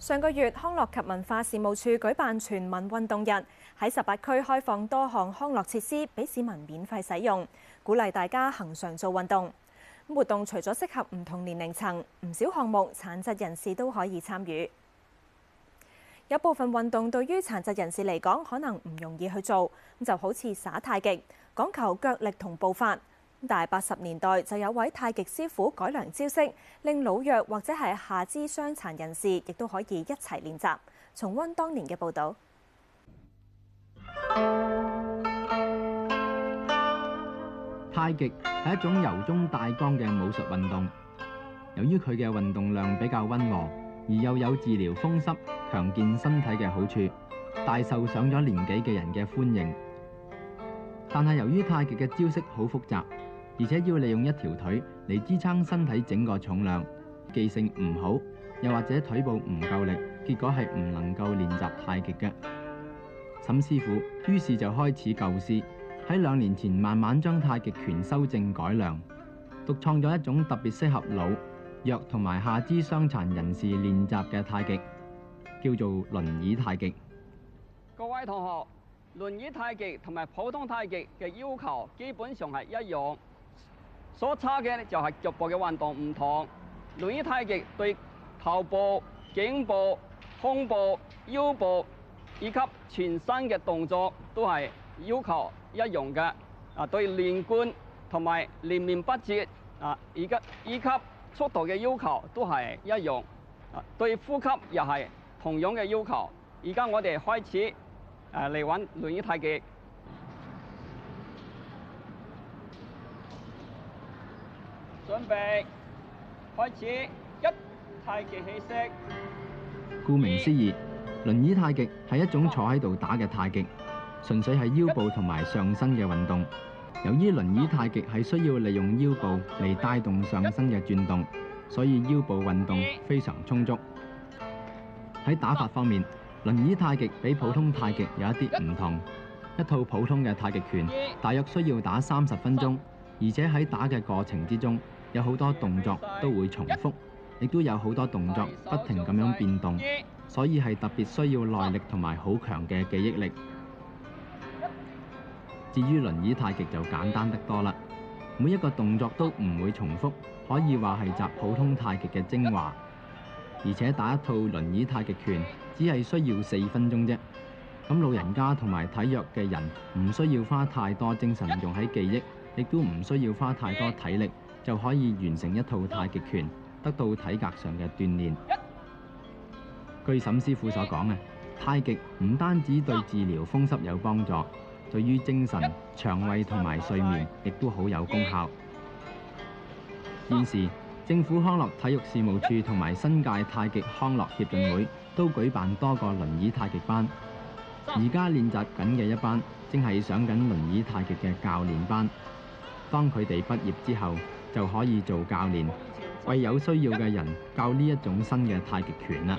上個月，康樂及文化事務處舉辦全民運動日，喺十八區開放多項康樂設施，俾市民免費使用，鼓勵大家恆常做運動。活動除咗適合唔同年齡層，唔少項目殘疾人士都可以參與。有部分運動對於殘疾人士嚟講，可能唔容易去做，咁就好似耍太極，講求腳力同步伐。大八十年代就有位太極師傅改良招式，令老弱或者係下肢傷殘人士亦都可以一齊練習。重溫當年嘅報導。太極係一種柔中帶剛嘅武術運動，由於佢嘅運動量比較溫和，而又有治療風濕、強健身體嘅好處，大受上咗年紀嘅人嘅歡迎。但係由於太極嘅招式好複雜。而且要利用一條腿嚟支撐身體整個重量，記性唔好，又或者腿部唔夠力，結果係唔能夠練習太極嘅。沈師傅於是就開始構思，喺兩年前慢慢將太極拳修正改良，獨創咗一種特別適合老弱同埋下肢傷殘人士練習嘅太極，叫做輪椅太極。各位同學，輪椅太極同埋普通太極嘅要求基本上係一樣。所差嘅就係腳部嘅運動唔同，輪椅太極對頭部、頸部、胸部、腰部以及全身嘅動作都係要求一樣嘅。啊，對連貫同埋連綿不絕啊，以及以及速度嘅要求都係一樣。啊，對呼吸又係同樣嘅要求。而家我哋開始啊嚟玩輪椅太極。準備開始，一太極起式顧名思義，輪椅太極係一種坐喺度打嘅太極，純粹係腰部同埋上身嘅運動。由於輪椅太極係需要利用腰部嚟帶動上身嘅轉動，所以腰部運動非常充足。喺打法方面，輪椅太極比普通太極有一啲唔同。一套普通嘅太極拳大約需要打三十分鐘，而且喺打嘅過程之中，有好多動作都會重複，亦都有好多動作不停咁樣變動，所以係特別需要耐力同埋好強嘅記憶力。至於輪椅太極就簡單得多啦，每一個動作都唔會重複，可以話係集普通太極嘅精華，而且打一套輪椅太極拳只係需要四分鐘啫。咁老人家同埋體弱嘅人唔需要花太多精神用喺記憶，亦都唔需要花太多體力。就可以完成一套太極拳，得到體格上嘅鍛煉。據沈師傅所講啊，太極唔單止對治療風濕有幫助，對於精神、腸胃同埋睡眠亦都好有功效。現時政府康樂體育事務處同埋新界太極康樂協進會都舉辦多個輪椅太極班。而家練習緊嘅一班，正係上緊輪椅太極嘅教練班。當佢哋畢業之後，就可以做教練，為有需要嘅人教呢一種新嘅太極拳啦。